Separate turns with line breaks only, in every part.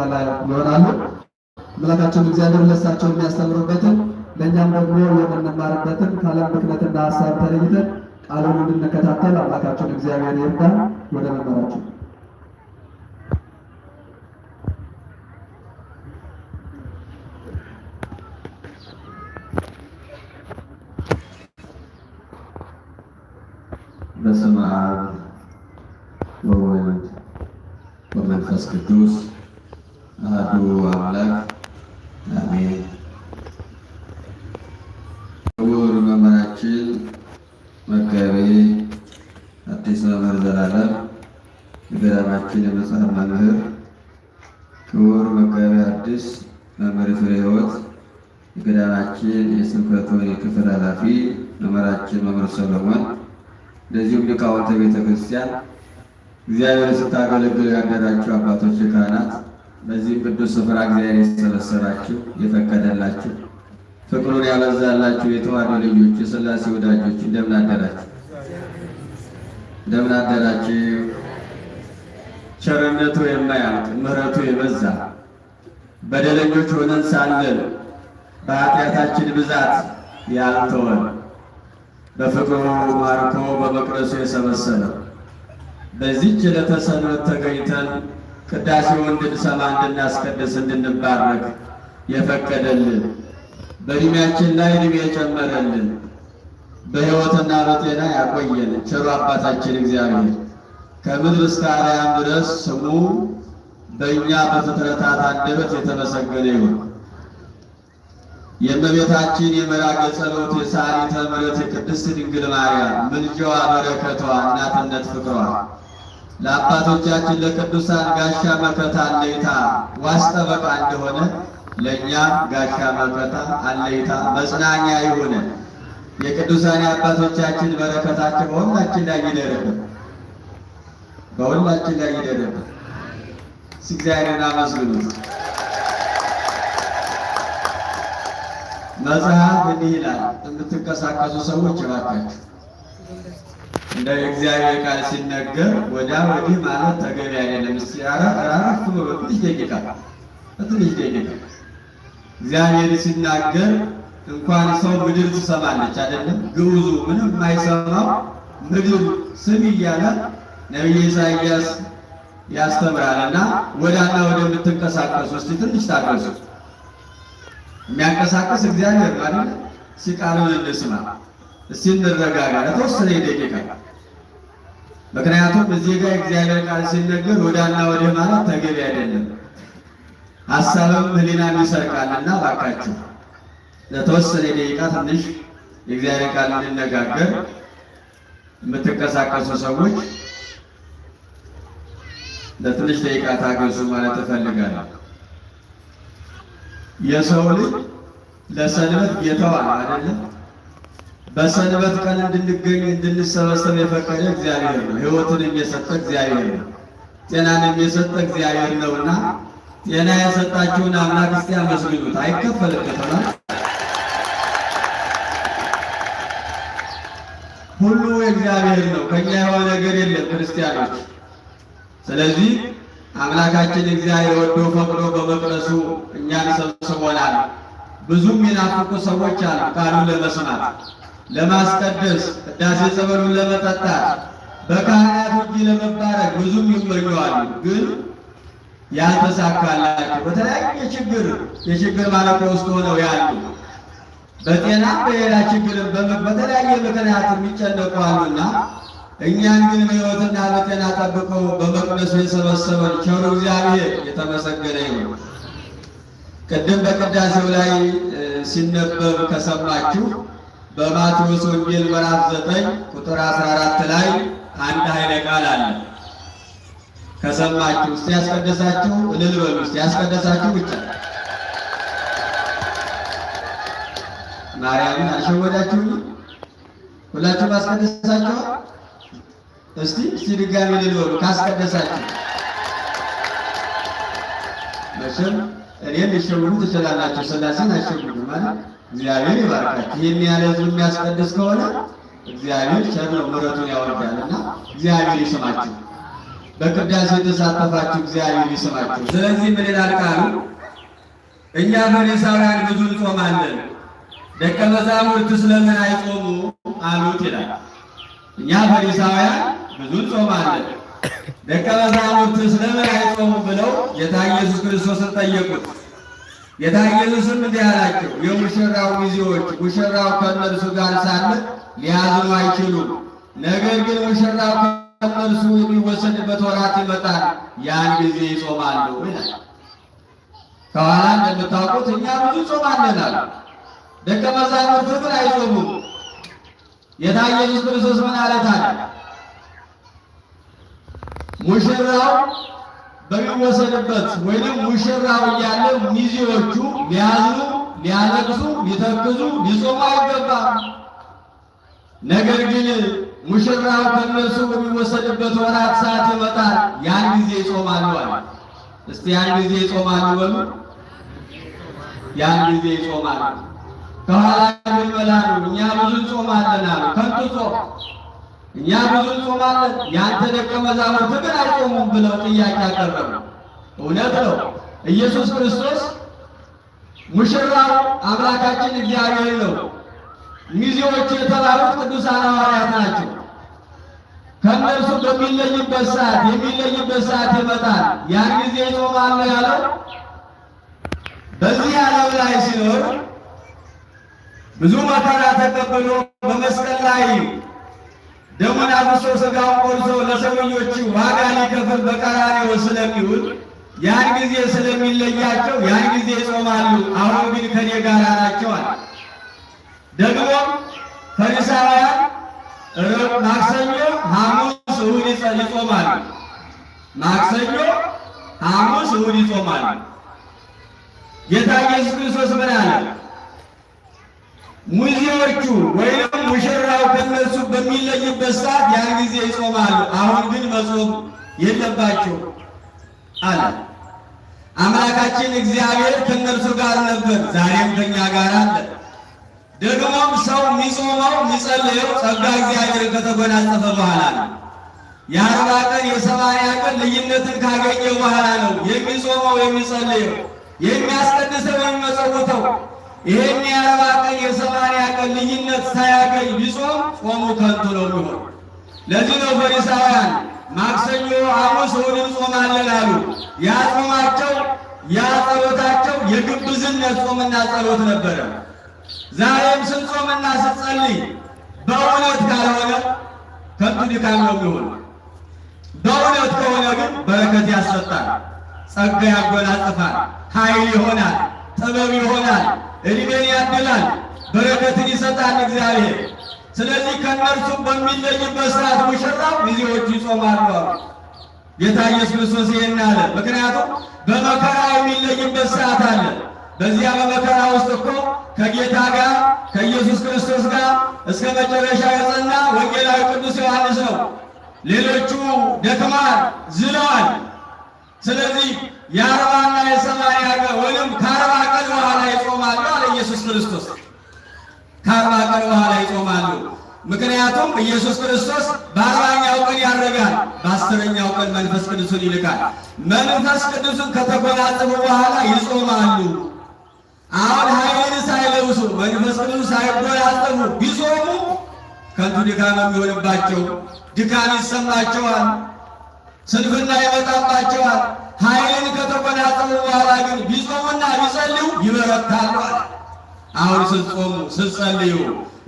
ይሆናሉ። አምላካችን እግዚአብሔር ለእሳቸው የሚያስተምሩበትን ለእኛም ደግሞ የምንማርበትን ከዓለም ብክነትና ሀሳብ ተለይተን ቃሉን እንድንከታተል አምላካችን እግዚአብሔር ይርዳ። ወደ መመራቸው በስመ አብ ወወልድ ወመንፈስ ቅዱስ አሐዱ አምላክ አሜን። ክቡር መምህራችን መጋቤ አዲስ መምህር ዘላለም የገዳማችን የመጽሐፍ መምህር፣ ክቡር መጋቤ አዲስ መምህር ፍሬ ሕይወት የገዳማችን የስብከተ ወንጌል ክፍል ኃላፊ መምህራችን መምህር ሰሎሞን፣ እንደዚሁም ሊቃውንተ ቤተ ክርስቲያን እግዚአብሔር ስታገለግሉ ያገዳችሁ አባቶች ካህናት በዚህ ቅዱስ ስፍራ እግዚአብሔር የሰበሰባችሁ የፈቀደላችሁ ፍቅሩን ያበዛላችሁ የተዋዶ ልጆች የስላሴ ወዳጆች እንደምን አደራችሁ? እንደምን አደራችሁ? ቸርነቱ የማያልቅ ምሕረቱ የበዛ በደለኞች ሆነን ሳለን በኃጢአታችን ብዛት ያልተወን በፍቅሩ ማርኮ በመቅደሱ የሰበሰበ በዚች ዕለተ ሰንበት ተገኝተን ቅዳሴውን እንድንሰማ እንድናስቀድስ እንድንባረክ የፈቀደልን በእድሜያችን ላይ እድሜ የጨመረልን በሕይወትና በጤና ያቆየን ቸሩ አባታችን እግዚአብሔር ከምድር እስከ አርያም ድረስ ስሙ በእኛ በፍጥረታት አንደበት የተመሰገነ ይሁን። የእመቤታችን የመራቅ የጸሎት፣ የሳሪተ ምሕረት የቅድስት ድንግል ማርያም ምልጃዋ፣ በረከቷ፣ እናትነት ፍቅሯ ለአባቶቻችን ለቅዱሳን ጋሻ መከታ አለይታ ዋስጠበቃ እንደሆነ ለእኛም ጋሻ መከታ አለይታ መጽናኛ የሆነ የቅዱሳን አባቶቻችን በረከታቸው በሁላችን ላይ ይደርብን፣ በሁላችን ላይ ይደርብን። እግዚአብሔርን አመስግኑት። መጽሐፍ እንዲህ ይላል፣ የምትንቀሳቀሱ ሰዎች እባካችሁ እንደ እግዚአብሔር ቃል ሲነገር ወዲያ ወዲህ ማለት ተገቢ አይደለም። እስኪ አራፍ ብሎ በትንሽ ደቂቃ በትንሽ ደቂቃ እግዚአብሔር ሲናገር እንኳን ሰው ምድር ትሰማለች አይደለም። ግዑዙ ምንም የማይሰማው ምድር ስም እያለ ነቢይ ኢሳይያስ ያስተምራልና ወዳና ወደ የምትንቀሳቀሱ እስቲ ትንሽ ታገሱ። የሚያንቀሳቀስ እግዚአብሔር ማለት ሲቃሉን እንስማ። እስቲ እንረጋጋ ለተወሰነ ደቂቃ ምክንያቱም እዚህ ጋር እግዚአብሔር ቃል ሲነገር ወዳና ወደ ማለት ተገቢ አይደለም፣ ሀሳብም ህሊና ይሰርቃልና ባካችሁ ለተወሰነ ደቂቃ ትንሽ የእግዚአብሔር ቃል እንነጋገር። የምትንቀሳቀሱ ሰዎች ለትንሽ ደቂቃ ታገሱ ማለት እፈልጋለሁ። የሰው ልጅ ለሰንበት ጌታዋ አይደለም በሰንበት ቀን እንድንገኝ እንድንሰበሰብ የፈቀደ እግዚአብሔር ነው። ሕይወትን የሚሰጠ እግዚአብሔር ነው። ጤናን የሚሰጠ እግዚአብሔር ነውና ጤና የሰጣችሁን አምላክ እስቲ አመስግኑት። አይከፈልበትም። ሁሉ እግዚአብሔር ነው። ከኛ የሆነ ነገር የለም ክርስቲያኖች። ስለዚህ አምላካችን እግዚአብሔር ወዶ ፈቅዶ በመቅደሱ እኛን ሰብስቦናል። ብዙም የናፍቁ ሰዎች አሉ ቃሉን ለመስማት ለማስቀደስ ቅዳሴ ጸበሉን ለመጠጣት በካህናት እጅ ለመባረክ ብዙ ይመኘዋሉ፣ ግን ያልተሳካላቸው በተለያየ ችግር የችግር ማለቆ ውስጥ ሆነው ያሉ በጤናም በሌላ ችግርም በተለያየ ምክንያት የሚጨነቁ እኛን ግን በሕይወትና በጤና ጠብቆ በመቅደሱ የሰበሰበን ቸሩ እግዚአብሔር የተመሰገነ ይሁን። ቅድም በቅዳሴው ላይ ሲነበብ ከሰማችሁ በማቴዎስ ወንጌል ምዕራፍ 9 ቁጥር 14 ላይ አንድ ኃይለ ቃል አለ። ከሰማችሁ እስቲ ያስቀደሳችሁ እልል በሉ። እስቲ ያስቀደሳችሁ ብቻ ማርያምን አሸወዳችሁ ሁላችሁም አስቀደሳችሁ። እስቲ እስቲ ድጋሚ እልል በሉ ካስቀደሳችሁ። መቼም እኔን ሊሸውዱ ትችላላችሁ፣ ስላሴን አይሸውዱ ማለት እግዚአብሔር ይባርካችሁ። ይህን ያለ ህዝብ የሚያስቀድስ ከሆነ እግዚአብሔር ቸር ነው፣ ምሕረቱን ያወርዳልና እግዚአብሔር ይስማችሁ። በቅዳሴ የተሳተፋችሁ እግዚአብሔር ይስማችሁ። ስለዚህ ምን ይላል ቃሉ? እኛ ፈሪሳውያን ብዙ እንጾማለን፣ ደቀ መዛሙርት ስለምን አይጾሙ አሉት ይላል። እኛ ፈሪሳውያን ብዙ እንጾማለን፣ ደቀ መዛሙርት ስለምን አይጾሙ ብለው ጌታ ኢየሱስ ክርስቶስን ጠየቁት። ጌታ ኢየሱስም እንዲህ አላቸው፣ የሙሽራው ሚዜዎች ሙሽራው ከእነርሱ ጋር ሳለ ሊያዝኑ አይችሉም። ነገር ግን ሙሽራው ከእነርሱ የሚወሰድበት ወራት ይመጣል፣ ያን ጊዜ ይጾማሉ ይላል። ከኋላ እንደምታውቁት እኛ ብዙ ጾማለናል። ደቀ መዛሙርቱ ግን አይጾሙም። ጌታ ኢየሱስ ክርስቶስ ምን አለታል? ሙሽራው በሚወሰድበት ወይም ሙሽራው እያለ ሚዜዎቹ ሊያዝኑ፣ ሊያለቅሱ፣ ሊተክዙ፣ ሊጾሙ አይገባም። ነገር ግን ሙሽራው ከነሱ በሚወሰድበት ወራት ሰዓት ይመጣል። ያን ጊዜ ይጾማሉ አለ። እስቲ ያን ጊዜ ይጾማሉ በሉ። ያን ጊዜ ይጾማሉ። ከኋላ የሚበላ እኛ ብዙ እንጾማለን አሉ። ከንቱ ጾም እኛ ብዙ እንጾማለን፣ ያንተ ደቀ መዛሙርት ግን አይጾሙም ብለው ጥያቄ አቀረቡ። እውነት ነው። ኢየሱስ ክርስቶስ ሙሽራው አምላካችን እግዚአብሔር ነው። ሚዜዎች የተባሉት ቅዱሳን ሐዋርያት ናቸው። ከእነርሱ በሚለይበት ሰዓት የሚለይበት ሰዓት ይመጣል። ያን ጊዜ ይጾማሉ ያለው በዚህ ዓለም ላይ ሲኖር ብዙ መከራ ተቀብሎ በመስቀል ላይ ደሙን አፍሶ ሥጋውን ቆርሶ ለሰውዮች ዋጋ ሊከፍል በቀራንዮ ስለሚውል ያን ጊዜ ስለሚለያቸው ያን ጊዜ ይጾማሉ፣ አሁን ግን ከኔ ጋር ናቸዋል። ደግሞ ፈሪሳውያን ማክሰኞ፣ ሐሙስ፣ እሁድ ይጾማሉ። ማክሰኞ፣ ሐሙስ፣ እሁድ ይጾማሉ። ጌታ ኢየሱስ ክርስቶስ ምን አለ? ሙዚዎቹ ወይም ሙሽራ በሚጸልዩበት ሰዓት ያን ጊዜ ይጾማሉ። አሁን ግን መጾም የለባቸው አለ። አምላካችን እግዚአብሔር ከእነርሱ ጋር ነበር፣ ዛሬም ከእኛ ጋር አለ። ደግሞም ሰው የሚጾመው የሚጸልየው ጸጋ እግዚአብሔር ከተጎናጸፈ በኋላ ነው። የአርባ ቀን የሰማንያ ቀን ልዩነትን ካገኘ በኋላ ነው የሚጾመው የሚጸልየው የሚያስቀድሰው የሚመጸውተው ይሄን የአርባ ቀን የሰማንያ ቀን ልዩነት ሳያገኝ ቢጾም ጾሙ ከንቱ ነው የሚሆን። ለዚህ ነው ፈሪሳውያን ማክሰኞ፣ ሐሙስ፣ እሑድ እንጾማለን አሉ። ያ ጾማቸው ያ ጸሎታቸው የግብዝነት ጾምና ጸሎት ነበረ። ዛሬም ስንጾምና ስንጸልይ በእውነት ካልሆነ ከንቱ ድካም ነው የሚሆን። በእውነት ከሆነ ግን በረከት ያሰጣል፣ ጸጋ ያጎናጽፋል፣ ኃይል ይሆናል፣ ጥበብ ይሆናል እድሜን ያድላል፣ በረከትን ይሰጣል እግዚአብሔር። ስለዚህ ከእነርሱ በሚለይበት ሰዓት ሙሽራው ሚዜዎቹ ይጾማሉ አሉ። ጌታ ኢየሱስ ክርስቶስ ይሄን አለ። ምክንያቱም በመከራ የሚለይበት ሰዓት አለ። በዚያ በመከራ ውስጥ እኮ ከጌታ ጋር ከኢየሱስ ክርስቶስ ጋር እስከ መጨረሻ የጸና ወንጌላዊ ቅዱስ ዮሐንስ ነው። ሌሎቹ ደክማ ዝለዋል። ስለዚህ የአርባና የሰማንያ ቀን ወይም ከአርባ ቀን በኋላ ይጾማሉ አለ ኢየሱስ ክርስቶስ። ከአርባ ቀን በኋላ ይጾማሉ። ምክንያቱም ኢየሱስ ክርስቶስ በአርባኛው ቀን ያደርጋል፣ በአስረኛው ቀን መንፈስ ቅዱስን ይልካል። መንፈስ ቅዱሱን ከተጎናጸፉ በኋላ ይጾማሉ። አሁን ኃይልን ሳይለብሱ መንፈስ ቅዱሱን ሳይጎናጸፉ ቢጾሙ ከንቱ ድካም የሚሆንባቸው ድካም ይሰማቸዋል፣ ስንፍና ይመጣባቸዋል። ኃይልን ከተቆናጠሉ በኋላ ግን ቢጾሙና ቢጸልዩ ይበረታሉ አለ። አሁን ስትጾሙ ስትጸልዩ፣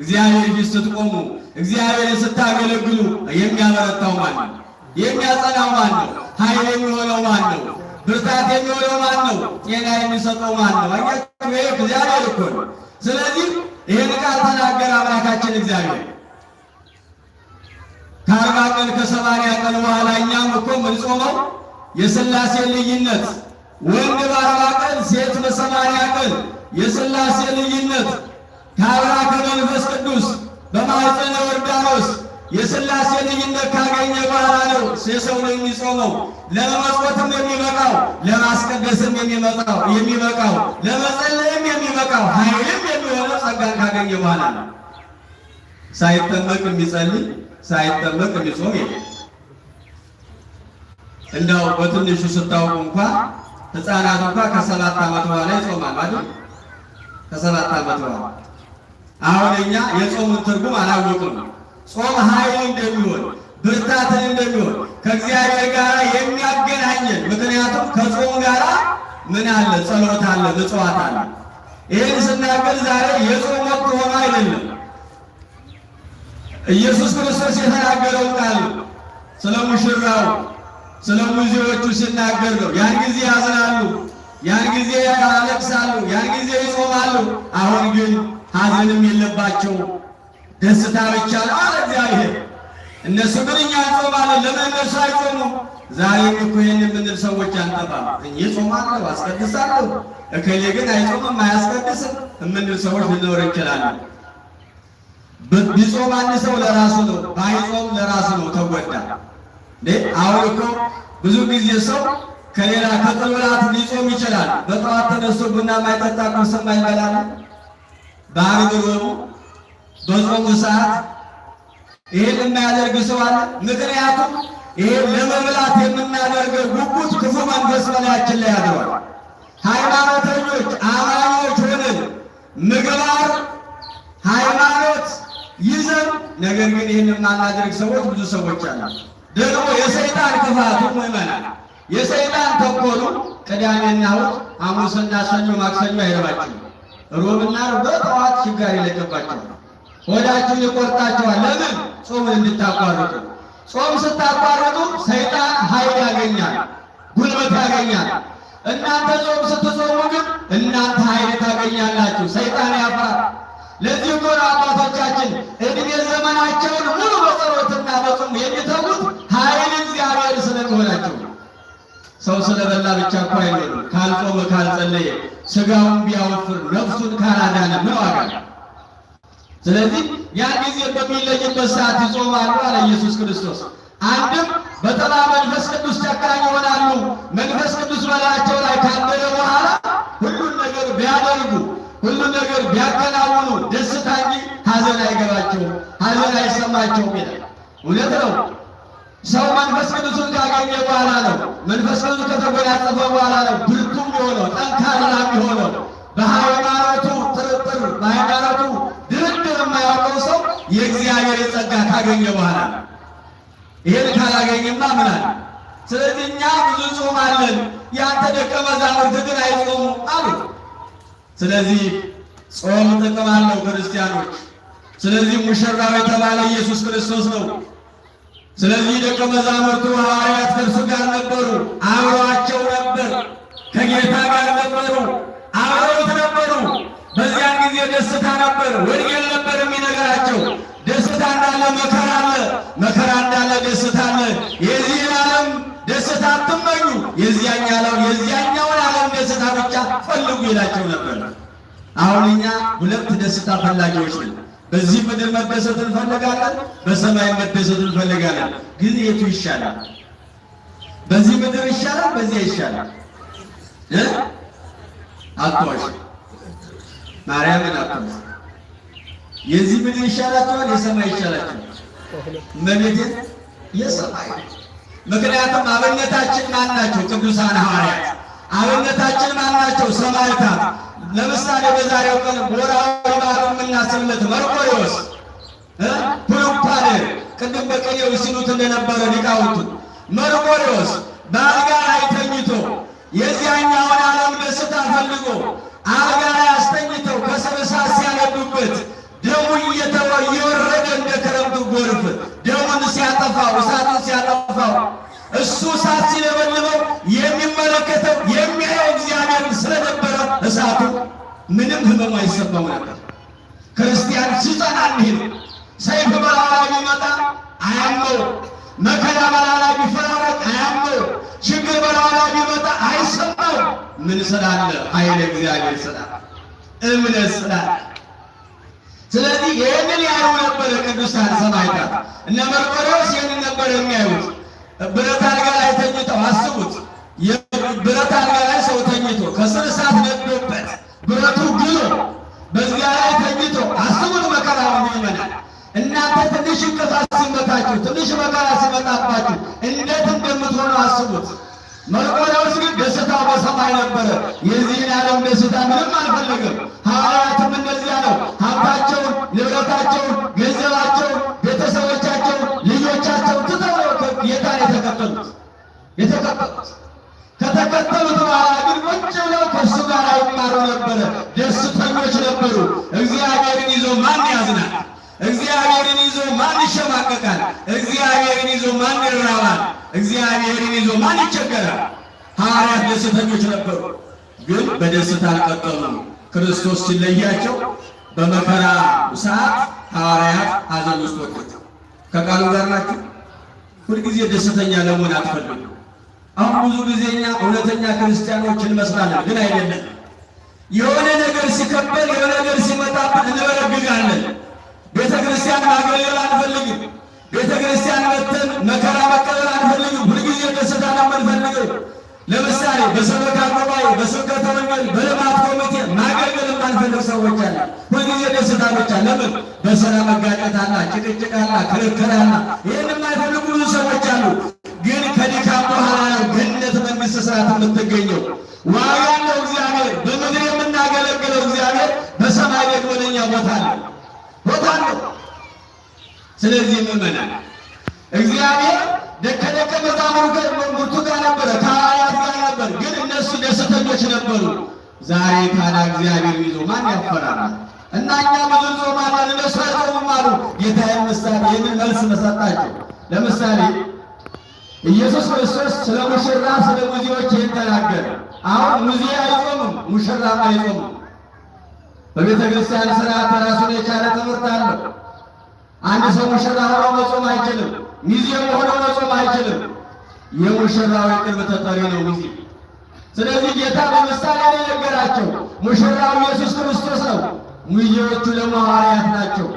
እግዚአብሔር ፊት ስትቆሙ፣ እግዚአብሔር ስታገለግሉ የሚያበረታው ማን ነው? የሚያጸናው ማን ነው? ኃይል የሚሆነው ማን ነው? ብርታት የሚሆነው ማን ነው? ጤና የሚሰጠው ማን ነው? አያችሁ፣ ይሄ እግዚአብሔር እኮ ነው። ስለዚህ ይህን ቃል ተናገረ አምላካችን እግዚአብሔር። ከአርባ ቀን ከሰማንያ ቀን በኋላ እኛም እኮ ምን ጾመው የስላሴ ልዩነት ወንድ በአርባ ቀን ሴት በሰማንያ ቀን የስላሴ ልዩነት ከአብራ ከመንፈስ ቅዱስ በማኅፀነ ዮርዳኖስ የስላሴ ልዩነት ካገኘ በኋላ ነው ሴሰው ነው የሚጾመው። ለመመጽወትም የሚበቃው ለማስቀደስም የሚበቃው የሚበቃው ለመጸለይም የሚበቃው ኃይልም የሚሆነው ጸጋን ካገኘ በኋላ ነው። ሳይጠመቅ የሚጸልይ ሳይጠመቅ የሚጾም የለም። እንደው በትንሹ ስታውቁ እንኳ ህፃናት እንኳ ከሰባት ዓመት በኋላ ይጾማል አይደል? ከሰባት ዓመት በኋላ አሁን እኛ የጾሙን ትርጉም አላወቅም ጾም ኃይል እንደሚሆን ብርታትን እንደሚሆን ከእግዚአብሔር ጋር የሚያገናኘን ምክንያቱም ከጾሙ ጋር ምን አለ? ጸሎት አለ፣ ምጽዋት አለ። ይህን ስናገር ዛሬ የጾም ወቅት ሆኖ አይደለም። ኢየሱስ ክርስቶስ የተናገረው ቃል ስለ ሙሽራው ስለ ሙዚዎቹ ሲናገር ነው። ያን ጊዜ ያዝናሉ፣ ያን ጊዜ ያለቅሳሉ፣ ያን ጊዜ ይጾማሉ። አሁን ግን ሀዘንም የለባቸው ደስታ ብቻ ነው አለ እግዚአብሔር። እነሱ ግን እኛ እንጾማለን፣ ለምን እነሱ አይጾሙም? ዛሬም እኮ ይህን የምንል ሰዎች አንጠፋም። እኔ ጾማለሁ፣ አስቀድሳለሁ፣ እከሌ ግን አይጾምም አያስቀድስም የምንል ሰዎች ልኖር እንችላለን። ቢጾም አንድ ሰው ለራሱ ነው፣ ባይጾም ለራሱ ነው፣ ተጎዳ አሁን እኮ ብዙ ጊዜ ሰው ከሌላ ከጥላት ሊጾም ይችላል። በጠዋት ተነስቶ ቡና ማይጠጣ ቁርስ ማይበላ በአርግሮ በጾሙ ሰዓት ይህን የማያደርግ ሰው አለ። ምክንያቱም ይህን ለመብላት የምናደርገው ጉጉት ክፉ መንፈስ በላያችን ላይ አድሯል። ሃይማኖተኞች አማኞች ሆነን ምግባር ሃይማኖት ይዘን ነገር ግን ይህን የማናደርግ ሰዎች ብዙ ሰዎች አላቸው። ደግሞ የሰይጣን ክፋቱ ይመናል። የሰይጣን ተንኮሉ ቅዳሜና እሑድ፣ ሐሙስና ሰኞ፣ ማክሰኞ አይረባችሁም። ሮብና በጠዋት ሽጋር ይለቅባችኋል፣ ሆዳችሁን ይቆርጣችኋል። ለምን ጾም እንድታቋርጡ። ጾም ስታቋርጡ ሰይጣን ኃይል ያገኛል፣ ጉልበት ያገኛል። እናንተ ጾም ስትጾሙ ግን እናንተ ኃይል ታገኛላችሁ፣ ሰይጣን ያፍራል። ለዚህ እኮ አባቶቻችን እድሜ ዘመናቸውን ሙሉ በጸሎትና በጾም የሚተዉት ኃይል እግዚአብሔር ስለሚሆናቸው ሰው ስለበላ ብቻ እኮ አይኖርም። ካልጾመ ካልጸለየ፣ ስጋውን ቢያወፍር ነፍሱን ካላዳነ ምን ዋጋ? ስለዚህ ያን ጊዜ በሚለይበት ሰዓት ይጾማሉ አለ ኢየሱስ ክርስቶስ። አንድም በጠላ መንፈስ ቅዱስ ጨካኝ ይሆናሉ። መንፈስ ቅዱስ በላያቸው ላይ ካደረ በኋላ ሁሉን ነገር ቢያደርጉ ሁሉን ነገር ቢያከናውኑ ደስታ እንጂ ሐዘን አይገባቸውም፣ ሐዘን አይሰማቸውም ይላል። እውነት ነው። ሰው መንፈስ ቅዱስን ካገኘ በኋላ ነው፣ መንፈስ ቅዱስ ከተጎናጸፈ በኋላ ነው ብርቱ የሆነው ጠንካራ የሆነው በሃይማኖቱ ጥርጥር በሃይማኖቱ ድርድር የማያውቀው ሰው የእግዚአብሔር ጸጋ ካገኘ በኋላ ነው። ይህን ካላገኝማ ምናል። ስለዚህ እኛ ብዙ ጾም አለን፣ ያንተ ደቀ መዛሙርት ግን አይጾሙ አሉ። ስለዚህ ጾም ጥቅም አለው ክርስቲያኖች። ስለዚህ ሙሽራው የተባለ ኢየሱስ ክርስቶስ ነው። ስለዚህ ደቀ መዛሙርቱ ሐዋርያት ከእርሱ ጋር ነበሩ፣ አብረዋቸው ነበር፣ ከጌታ ጋር ነበሩ፣ አብረውት ነበሩ። በዚያን ጊዜ ደስታ ነበር፣ ወንጌል ነበር የሚነገራቸው። ደስታ እንዳለ መከራ አለ፣ መከራ እንዳለ ደስታ አለ። የዚህን ዓለም ደስታ አትመኙ፣ የዚያኛውን ዓለም ደስታ ብቻ ፈልጉ ይላቸው ነበር። አሁን እኛ ሁለት ደስታ ፈላጊዎች ነን። በዚህ ምድር መደሰት እንፈልጋለን፣ በሰማይ መደሰት እንፈልጋለን። ግን የቱ ይሻላል? በዚህ ምድር ይሻላል፣ በዚያ ይሻላል። አጥቷሽ ማርያምን አጥቷሽ የዚህ ምድር ይሻላቸዋል፣ የሰማይ ይሻላቸዋል። እመቤቴን የሰማይ ምክንያቱም አብነታችን ማን ናቸው? ቅዱሳን ሐዋርያት። አብነታችን ማን ናቸው? ለምሳሌ በዛሬው ቀን ወርሃዊ በዓል የምናስብለት መርቆሬዎስ ፑሉፓሌ ቅድም በቀየው ሲሉት እንደነበረ ሊቃውንቱ መርቆሬዎስ በአልጋ ላይ ተኝቶ የዚያኛውን ዓለም ደስታ ፈልጎ አልጋ ላይ አስተኝተው ከሰበሳ ሲያነዱበት ደሙ እየወረደ እንደ ክረምቱ ጎርፍ ደሙን ሲያጠፋው እሳቱን ሲያጠፋው እሱ እሳት ሲለበልበው የሚመለከተው ምንም ህመም አይሰማው ነበር። ክርስቲያን ሲጸና እንሂድ ሰይፍ በላላ ቢመጣ አያመው፣ መከራ በላላ ቢፈራረቅ አያመው፣ ችግር በላላ ቢመጣ አይሰማው። ምን ስላለ ኃይለ እግዚአብሔር ስላለ እምነት ስላለ ስለዚህ ይህንን ያዩ ነበረ ቅዱሳን ሰማዕታት። እነ መርቆሬዎስ ይህንን ነበር የሚያዩት። ብረት አልጋ ላይ ተኝተው አስቡት። ብረት አልጋ ላይ ሰው ተኝቶ ከስር እሳት ነዶበት በቱ ግሉ በዚያ ላይ ተኝቶ አስቡት መከራውን ይመና እናንተ ትንሽ እንቅፋት ሲመታችሁ፣ ትንሽ መከራ ሲመጣባችሁ እንዴት እንደምትሆኑ አስቡት። መርቆሬዎስ ግን ደስታው በሰማይ ነበረ። የዚህን ዓለም ደስታ ምንም አልፈለገም። ሐዋርያትም እንደዚያ ነው። ሀብታቸውን፣ ንብረታቸውን፣ ገንዘባቸውን፣ ቤተሰቦቻቸውን፣ ልጆቻቸውን ትተው ጌታን የተከተሉት የተከተሉት ከተከተሉት በኋላ ግን ቁጭ ብለው ከእሱ ጋር አይማሩ ነበረ። ደስተኞች ነበሩ። እግዚአብሔርን ይዞ ማን ያዝናል? እግዚአብሔርን ይዞ ማን ይሸማቀቃል? እግዚአብሔርን ይዞ ማን ይራባል? እግዚአብሔርን ይዞ ማን ይቸገራል? ሐዋርያት ደስተኞች ነበሩ፣ ግን በደስታ አልቀጠሉ። ክርስቶስ ሲለያቸው በመከራ ሰዓት ሐዋርያት ሐዘን ውስጥ ወጡት። ከቃሉ ጋር ናቸው። ሁልጊዜ ደስተኛ ለመሆን አትፈልጉ። አሁን ብዙ ጊዜ እኛ እውነተኛ ክርስቲያኖች እንመስላለን፣ ግን አይደለም። የሆነ ነገር ሲከበል፣ የሆነ ነገር ሲመጣብን እንበረግጋለን። ቤተ ክርስቲያን ማገልገል አንፈልግም። ቤተ ክርስቲያን መተን መከራ መቀበል አንፈልግም። ሁልጊዜ ደስታ ነው የምንፈልገው። ለምሳሌ በሰበካ ጉባኤ፣ በስብከተ ወንጌል፣ በልማት ኮሚቴ ማገልገል የማንፈልግ ሰዎች አለ። ሁልጊዜ ደስታ ብቻ። ለምን? በስራ መጋጨት አለ፣ ጭቅጭቅ አለ፣ ክርክር አለ። ይህን የማይፈልጉ ብዙ ሰዎች አሉ። ግን ከዲካ በኋላ በመንግስት ስርዓት የምትገኘው ዋጋ ያለው እግዚአብሔር በምድር የምናገለግለው እግዚአብሔር በሰማይ ደግሞ ለእኛ ቦታ አለ ቦታ አለው። ስለዚህ ምመናል እግዚአብሔር ከደቀ መዛሙርቱ ጋር ነበረ፣ ከሐዋርያት ጋር ነበር፣ ግን እነሱ ደስተኞች ነበሩ። ዛሬ ታላ እግዚአብሔር ይዞ ማን ያፈራል? እና እኛ ብዙ ጾማለን፣ እነሱ አይጾሙም አሉ። ጌታ ይመስገን ይህንን መልስ መሰጣቸው። ለምሳሌ ኢየሱስ ክርስቶስ ስለ ሙሽራ ስለ ሙዚዎች ይተናገር። አሁን ሙዚያ አይጾምም፣ ሙሽራም አይጾምም። በቤተ ክርስቲያን ስርዓት ራሱን የቻለ ትምህርት አለው። አንድ ሰው ሙሽራ ሆኖ መጾም አይችልም። ሚዜም ሆኖ መጾም አይችልም። የሙሽራው የቅርብ ተጠሪ ነው ሙዚ። ስለዚህ ጌታ በምሳሌ የነገራቸው ሙሽራው ኢየሱስ ክርስቶስ ነው። ሙዚዎቹ ደግሞ ሐዋርያት ናቸው።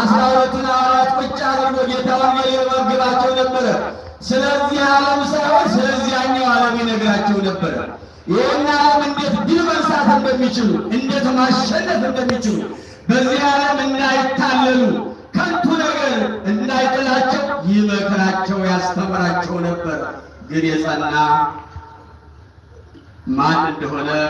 አስራ ሁለቱን ሐዋርያት ቁጭ አድርጎ ጌታውን የመግባቸው ነበረ ስለዚህ ዓለም ሳይሆን ስለዚያኛው ዓለም ይነግራቸው ነበር ይህን ዓለም እንዴት ድል መንሳት እንደሚችሉ፣ እንዴት ማሸነፍ እንደሚችሉ፣ በዚህ ዓለም እንዳይታለሉ፣ ከንቱ ነገር እንዳይጥላቸው ይመክራቸው፣ ያስተምራቸው ነበር። ግን የጸና ማን እንደሆነ